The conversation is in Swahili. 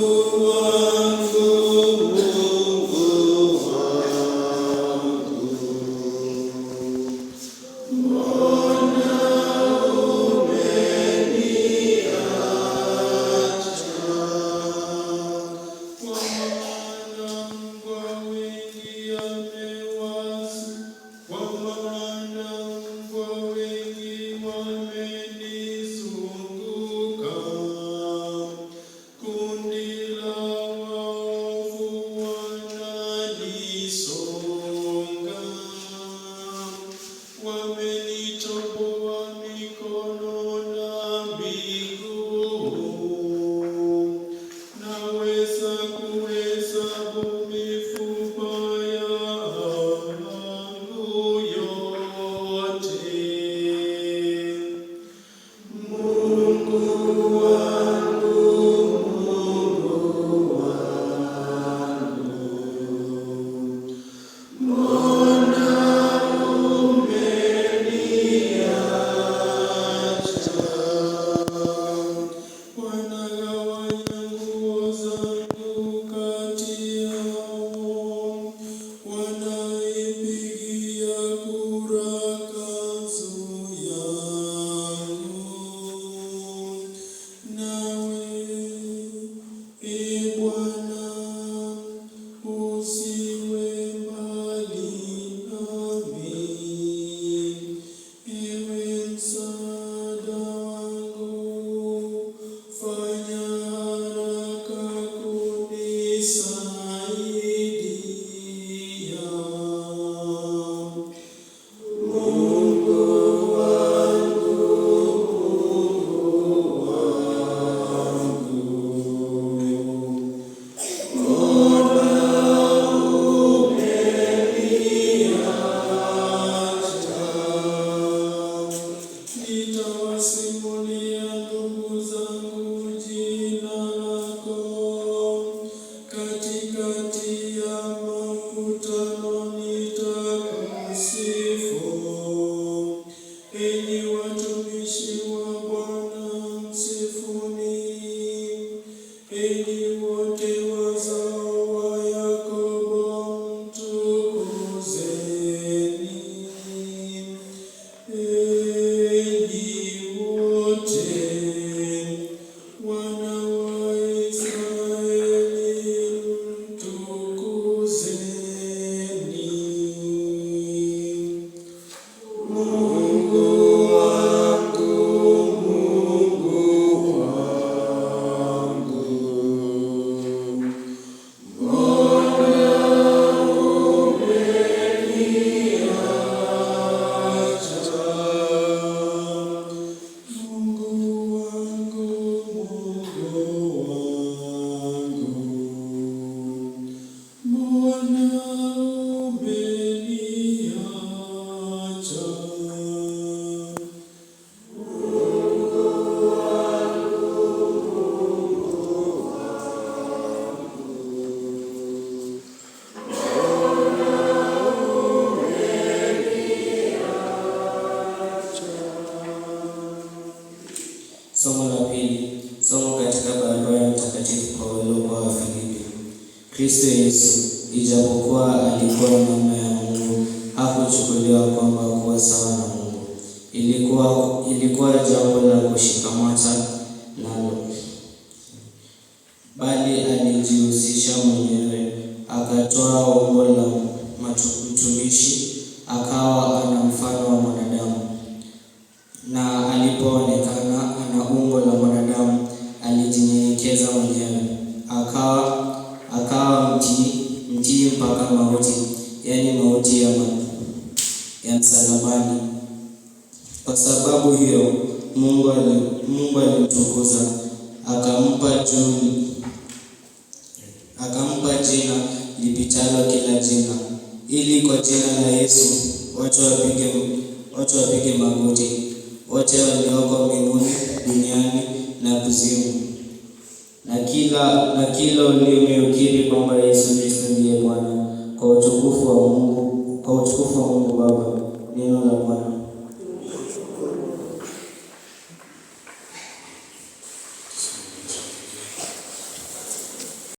Lord. Mtakatifu Paulo kwa Wafilipi. Kristo Yesu ijapokuwa alikuwa mama ya Mungu hakuchukuliwa kwamba kuwa sawa na Mungu ilikuwa, ilikuwa jambo la kushikamata nalo, bali alijihusisha mwenyewe, akatoa umbo la mtumishi, akawa ana mfano wa kujipendeza mwenyewe, akawa akawa mtii mtii mpaka mauti, yaani mauti ya, ya msalabani. Kwa sababu hiyo Mungu ali, Mungu alimtukuza akampa juu akampa jina lipitalo kila jina, ili kwa jina la Yesu watu wapige watu wapige magoti wote walioko mbinguni kila na kila ulimi kwamba Yesu Kristo ndiye Bwana, kwa utukufu wa Mungu, kwa utukufu wa Mungu Baba. Neno la Bwana.